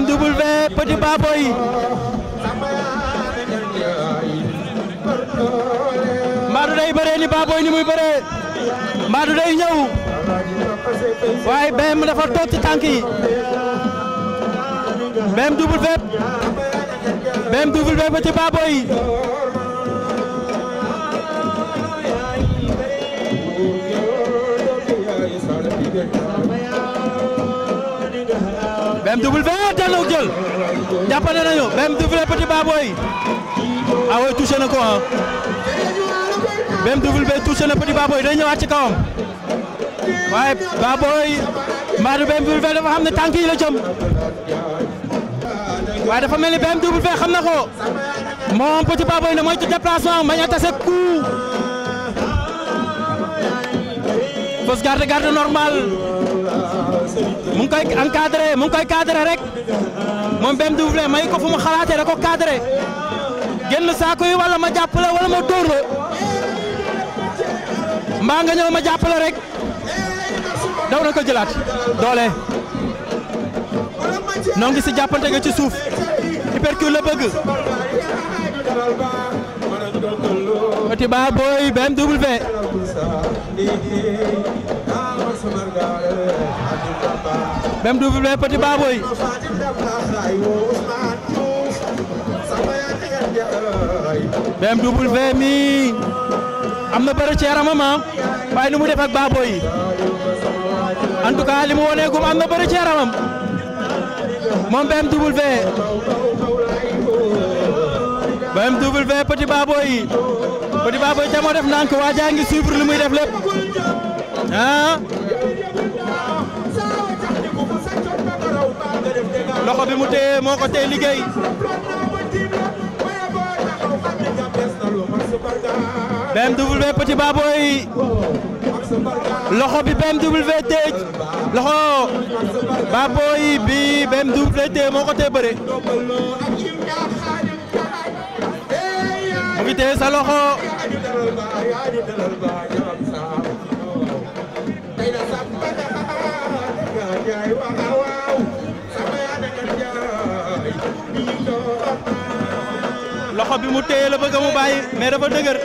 BMW Petit Baboy Madu day bëree ni Baboy ni muy bëree Madu day ñëw waaye BMW dafa toog ci tànk yi BMW BMW Petit Baboy BMW tel ah na ko jël jàppante nañu BM double Petit Baboy ah oui touché ko ah BM double touché na Petit Baboy day ñëwaat ci kawam waaye Baboy mbaa du BM double dafa xam ne tànk yi la dafa mel ni BM double xam na ko moom Petit Baboy ne mooy ci déplacement bañ a tase coup. gauche garde garde normal mu ngi koy encadré mu koy cadré rek moom BMW may ko fu mu xalaatee da ko cadré génn saako yi wala ma jàppale wala ma nga ñëw ma jàppale rek daw na ko jëlaat doole noo ngi si jàppante nga ci suuf hypercule la bëgg. Petit Ba Boy BMW. BMW Petit Baboy BMW mi am na bëri ci yaramam ah. waaye nu mu def ak Baboy yi en tout cas li mu wone gum am na bëri ci yaramam moom BMW BMW Petit Baboy Petit Baboy ca moo def ndànk waa jaa ngi suivre lu muy def lépp ah loxo bi mu téye moo ko téye liggéey BMW Petit Baboy loxo bi BMW téye loxo Baboy bi BMW téye moo ko téye bëre. mu ngi téye sa loxo bi mu téye la bëgg mu bàyyi mais dëgër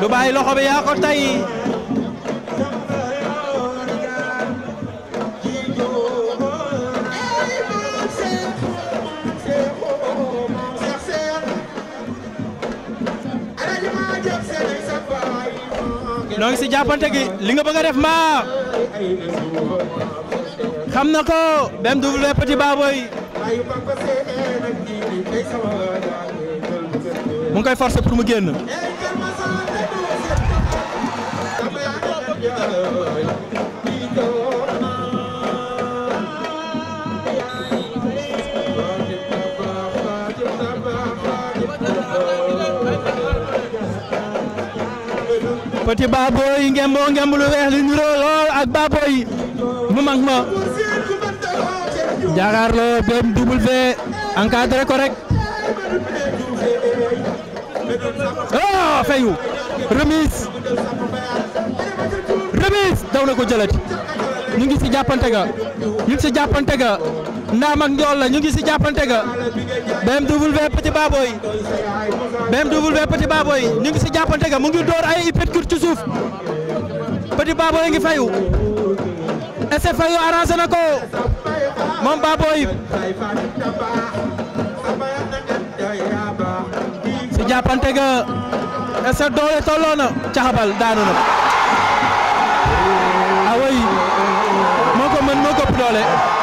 du bàyyi loxo bi yaa ko tay noo ngi si jàppante gi li nga bëgg a def maar xam na ko BMW Petit Baboy mu koy forcer pour mu génn. Petit Baboy ngemboo ngemb lu weex li niroo lool ak Baboy mu mag ma jàkkaarloo BMW encadré ko rek oh fayu remise remise daw na ko jëlati ñu ngi si jàppante ga ñu ngi si jàppante ga Ndaam ak Njool la ñu ngi si jàppante ga BMW Petit Baboy BMW Petit Baboy ñu ngi si jàppante ga mu ngi door ay uppercut ci suuf Petit Baboy ngi fayu ese fayu arrangé ko moom Baboy si jàppante ga ese doole tolloo na caxabal away doole